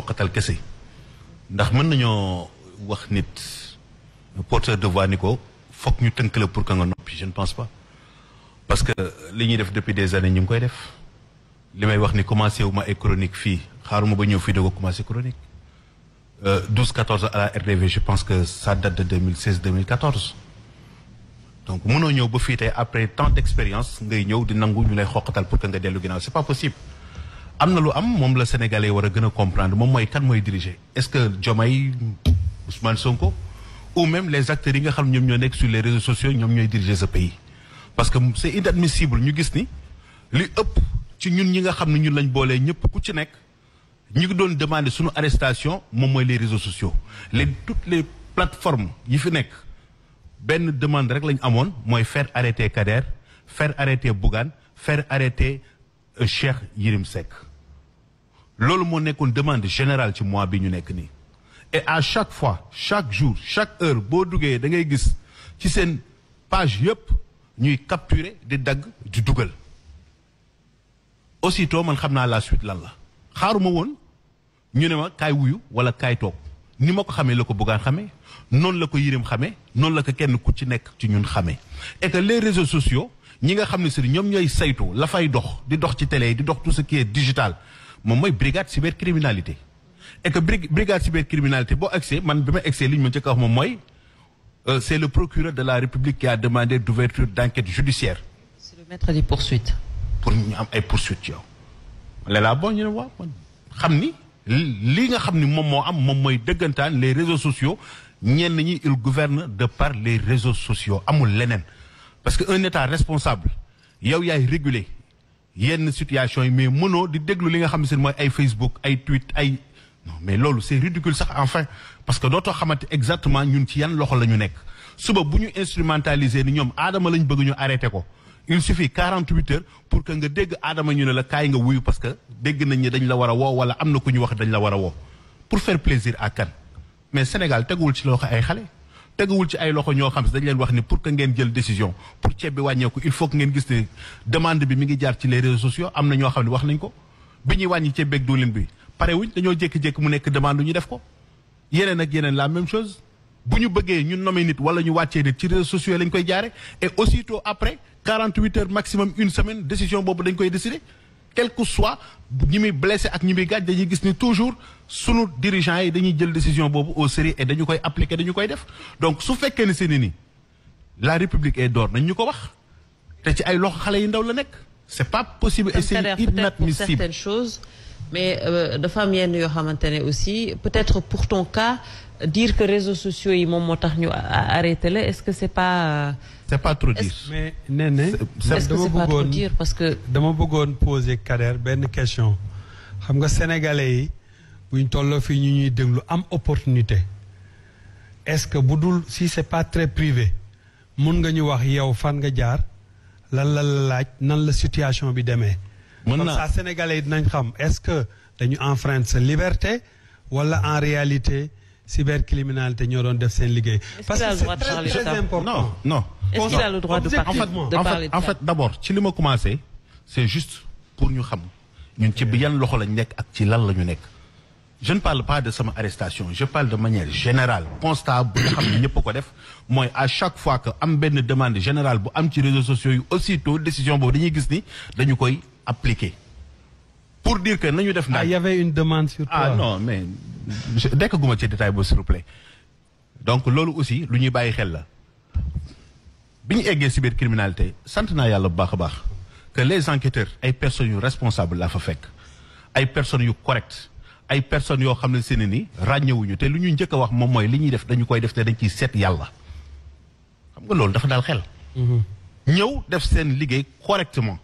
xoqatal kese ndax mën nañu wax nit porteur de voix ni ko ñu tënk le pour que nga nopi je ne pense pas parce que li ñi def depuis des années ñu ngi koy def li may wax ni commencé wu ma ay chronique fii xaaruma ba ñëw fi de ko commencé chronique 12 euh, 14 à la RDV je pense que ça date de 2016 2014 donc mëno ñëw ba fii après tant d'expériences. ngay ñëw di nangu ñu lay xoqatal pour que nga pas possible am am sénégalais comprendre est-ce que Ousmane Sonko ou même les acteurs qui nga sur les réseaux sociaux ñoom ñooy diriger ce pays parce que c'est inadmissible ñu gis ni li ëpp ci ñun ñi nga xam ne ñun arrestation les réseaux sociaux toutes les plateformes yi fi nekk demande faire arrêter Kader faire arrêter Bougan, faire arrêter euh, Cheikh Yirimsek lolu mo nekkoon demande générale ci mois et à chaque fois chaque jour chaque heure boo duggee da ngay gis ci seen page ñuy capturer di dagg di dugal aussitôt man xam la suite lan la xaaruma woon ñu ne ma kaay wuyu wala kaay toog ni ma ko xamee la ko bëggaan xamee la ko xamee noonu la ko kenn ku ci ci et les réseaux sociaux ñi nga xam ne saytu la fay dox di dox ci télé tout ce qui est digital moom mooy brigade cybercriminalité et que brigade cybercriminalité boo accès man bi ma egsee li ñu mën ci kaw moom mooy euh, c'est le procureur de la République qui a demandé d'ouverture d'enquête judiciaire. c'est le maître des poursuites. pour ñu am ay poursuites yow. la laa boo ñu ne waaw man xam ni lii nga xam ni moom moo am moom mooy dëggantaan les réseaux sociaux ñenn ñi il gouverne de par les réseaux sociaux amul leneen parce que un état responsable yow yaay réguler yenn situation yi mais mënoo di déglu li nga xam ne mooy ay Facebook ay tweet ay non mais loolu c'est ridicule sax enfin parce que dootoo xamante exactement ñun ci yan loxo la ñu nekk suba bu ñu instrumentaliser ni ñoom aadama lañ bëgg ñu arrêté ko il suffit 48 heures pour que nga dégg aadama ñu ne la kaay nga wuyu parce que dégg nañ ni dañ la war a woo wala am na ku ñu wax dañ la war a woo pour faire plaisir à kan mais Sénégal teguwul ci loxo ay xale teguwul ci ay loxo ñoo xam si dañ leen wax ni pour que ngeen jël décision pour ceeb bi wàññeeku il faut que ngeen gis ne demande bi mi ngi jaar ci les réseaux sociaux am na ñoo xam ne wax nañ ko bi ñuy wàññi ceeb beeg diwlin bi pare wuñ dañoo jékki-jékki mu nekk demande ñu def ko yeneen ak yeneen la même chose bu ñu bëggee ñu nommer nit wala ñu wàccee nit ci réseaux sociaux lañ koy jaare et aussitôt après 48 heures maximum une semaine décision boobu dañ koy décider quel que soit ni muy blessé ak ñi muy gaañ dañuy gis ni toujours suñu dirigeants yi dañuy jël décision bobu au sérieux et dañuy koy appliquer dañuy koy def donc su fekké ni seeni ni la république est d'or nañ ñuko wax té ci ay loxo xalé yi ndaw la nek c'est pas possible et c'est inadmissible mais euh, de famille, yenn yo aussi peut-être pour ton cas dire que réseaux sociaux yi mom arrêté est-ce que c'est pas. Euh, c'est pas trop dire. mais néné est-ce que c'est pas trop dire parce que. dama bëggone poser une question xam nga sénégalais yi une ñu fi ñuy déglu opportunité est-ce que si ce si c'est pas très privé les nga ñu wax yow fan nga jaar lan la laaj nan la situation bi démé est-ce que nous sa liberté ou en réalité cybercriminalité cybercriminels c'est important. non non. est-ce le droit de parler en fait d'abord si je c'est juste pour nous je ne parle pas de son arrestation je parle de manière générale constable, bu à chaque fois que am une demande générale les réseaux sociaux aussitôt décision pour appliquer. Pour dire que nous devons... Ah, il y avait une demande sur ah, toi. Ah non, mais dès que vous me détails, s'il vous plaît. Donc, lolo aussi, l'union baye là. Bien égué cybercriminalité, santana yalla bah bah que les enquêteurs, les personnes responsables la fa fek, les personnes correct ay personnes yo xam ne seen ni ràññewuñu te l'union ñu njëkk a wax l'union mooy li ñuy def dañu koy def te dañ ciy seet yàlla xam nga loolu dafa xel. Mhm. def seen liggéey correctement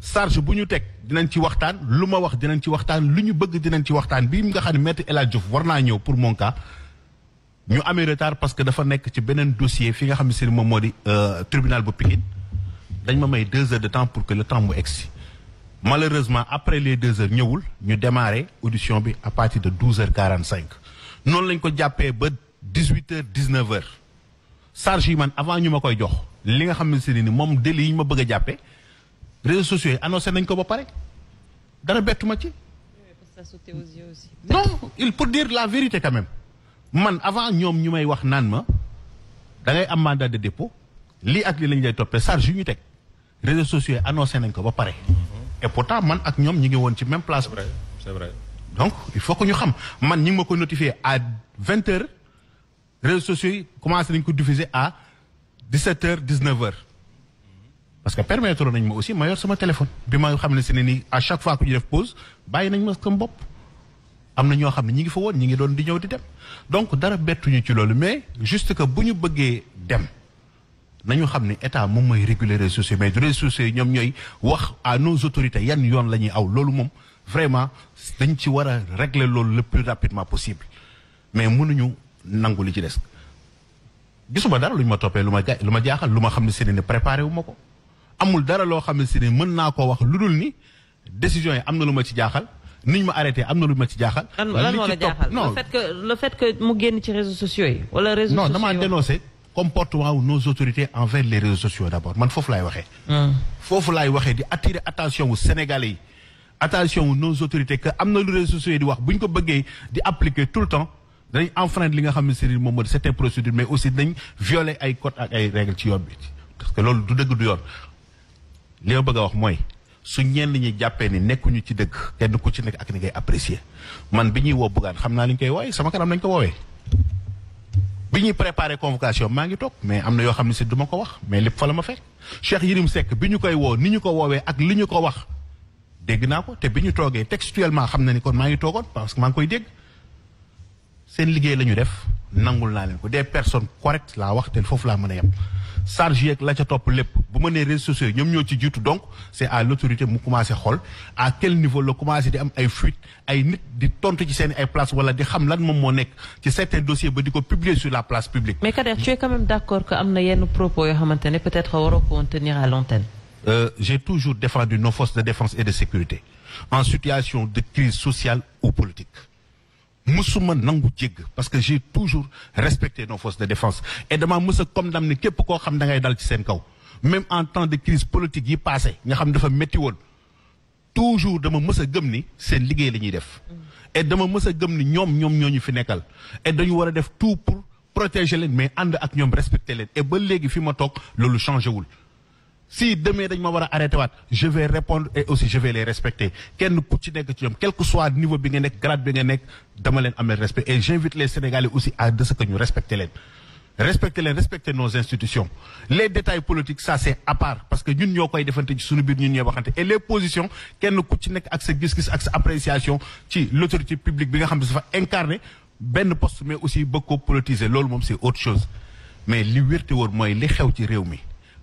charge buñu tek teg dinañ ci waxtaan luma wax dinañ ci waxtaan luñu bëgg dinañ ci waxtaan bi nga xam metti El Diouf ñëw pour mon cas ñu amé retard parce que dafa nekk ci benen dossier fi nga xam ne moom moo euh, tribunal bu Pikine dañ ma may deux heures de temps pour que le temps mu egsi malheureusement après les deux heures ñëwul ñu démarrer audition bi à partir de 12h45. Non lañ ko jappé ba 18h 19h charge man avant ñu ma koy jox li nga xam ne ni moom délai yi ñu ma bëgg a réseaux sociaux yi annoncé nañ ko ba pare dara bettuma ci. non il peut dire la vérité quand même man avant ñoom ñu may wax naan ma da ngay am mandat de dépôt li ak li lañ lay toppee charge ñu réseaux sociaux annoncent annoncé nañ ko ba pare. et pourtant man ak ñoom ñi ngi won ci même place. c'est vrai donc il faut que ñu xam man ñi ngi ma ko à 20 heures réseaux sociaux commencent à diffuser à 17h, 19h. parce que permettre nañ ma aussi ma yor sama téléphone bi ma xam ne si ne nii à chaque fois que ñu def pause bàyyi nañ ma sama bopp am na ñoo xam ne ñi ngi fa woon ñi ngi doon di ñëw di dem donc dara bettuñu ci loolu mais juste que bu ñu bëggee dem nañu xam ne état moom mooy réguler réseaux sociaux mais réseaux sociaux yi ñoom ñooy wax à autorité autorités yan yoon lañuy aw loolu moom vraiment dañ ci war a régler loolu le plus rapidement possible mais mënuñu nangu li ci des gisuma dara lu ñu ma toppee lu ma lu ma jaaxal lu ma xam ne si ne préparé wu ma ko amul dara loo xamante ne mën naa ko wax lu dul ni décision yi am na lu ma ci jaaxal ni ma arrêté am na lu ma ci jaaxal. lan lan moo la jaaxal le fait que le fait que mu génn ci réseaux sociaux yi. wala réseaux sociaux non damaa dénoncé comportement wu nos autorités envers les réseaux sociaux d' abord man foofu laay waxee. Ah. foofu laay waxee di attirer attention wu Sénégalais yi attention wu nos autorités que am na lu réseaux sociaux yi di wax buñ ko bëggee di appliquer tout le temps. danañ enfreindre li nga xam ne si moom mooy certaines procédures mais aussi dañ violer ay code ak ay règles ci yoon bi parce que loolu du dëgg du yoon li nga bëgg a wax mooy su ñenn ñi jàppee ni nekkuñu ci dëgg kenn ku ci nekk ak ni ngay apprécier man bi ñuy woo Bougane xam naa li ñu koy wooye sama kanam nañ ko woowee. bi ñuy préparé convocation maa ngi toog mais am na yoo xam ne si du ma ko wax mais lépp fa la ma fekk Cheikh yirim Seck bi ñu koy woo ni ñu ko woowee ak li ñu ko wax dégg naa ko te bi ñu toogee textuellement xam na ni kon maa ngi toogoon parce que maa ngi koy dégg seen liggéey la ñu def des personnes correctes la wax te foofu laa mën a Je la ca top lepp bu ma réseaux sociaux ñoo ci tout donc c'est à l'autorité de mu commencer xol à quel niveau le commencer di am ay fuite ay nit di tontu ci seen ay place wala di xam lan certains dossiers ba di sur la place publique. mais Kader tu es quand même d'accord que amna yenn propos yo peut être waroo ko tenir à l'antenne. terme. Euh, j'ai toujours défendu nos forces de défense et de sécurité en situation de crise sociale ou politique musuma nangu djeg parce que j'ai toujours respecté nos forces de défense et dama mës condamné képp ko xam da ngay dal ci sen kaw même en temps de crise politique yi passé nga xam dafa metti won toujours dama mës a gëm ni seen liggéey def et dama mës a gëm ni ñoom ñoom ñoo fi nekkal et dañu wara def tout pour protéger len mais and ak ñom respecter len et ba légui fi ma tok loolu changé wul si demain dañ ma wara arrêter arrêté je vais répondre et aussi je vais les respecter kenn ku ci nek ci ñoom quel que soit niveau bi nga nek grade bi nga nek dama leen amel respect et j'invite les Sénégalais aussi à de ce que ñu respecter leen respecter leen respecter nos institutions les détails politiques ça c'est à part parce que ñun ñokoy defante ci suñu bir ñun ñe waxante et les positions kenn ku ci nek ak sa gis-gis ak sa appréciation ci l'autorité publique bi nga xam ne dafa incarner ben poste mais aussi beaucoup politiser loolu mom c'est autre chose mais li wérte wóor moy li xew ci réew mi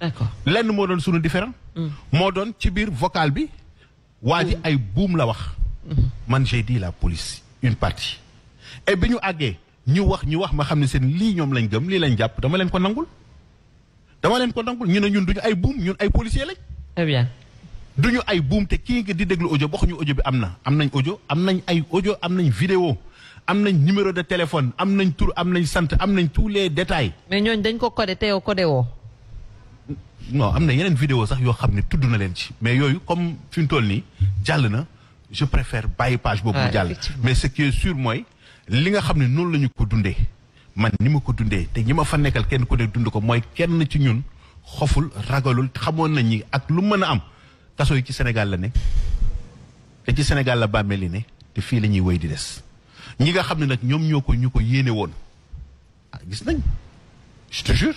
d'accord lenn moo doon sunu différent hmm. moo doon ci bir vocal bi waa hmm. ay boom la wax hmm. man j'ai dit la police une partie et biñu ñu ñu wax ñu wax ma xamni sen li ñom lañ gëm li lañ japp dama leen ko nangul dama leen ko nangul ñu ne ñun duñu ay boom ñun ay policier lañ très eh bien duñu ay boom, te ki nga di déglu audio waxuñu audio bi am na am nañ audio am nañ ay audio am nañ vidéo am nañ numéro de téléphone am nañ tur am nañ sant am nañ tous les détails mais ñooñ dañ ko codé te yow codé woo non am na yeneen vidéo sax yoo xam ne tudd na leen ci mais yooyu comme fi mu toll nii jàll na je préfère bàyyi page boobu mu jàll mais ce qui est sûr mooy li nga xam ne noonu la ñu ko dundee man ni ma ko dundee te ñi ma fa nekkal kenn ku ne dund ko mooy kenn ci ñun xoful ragalul xamoon nañ ñi ak lu mën a am kaso yi ci Sénégal la ne te ci Sénégal la bàmmeel yi ne te fii la ñuy wéy di des ñi nga xam ne nag ñoom ñoo ko ñu ko yéene woon ah gis nañ je te jure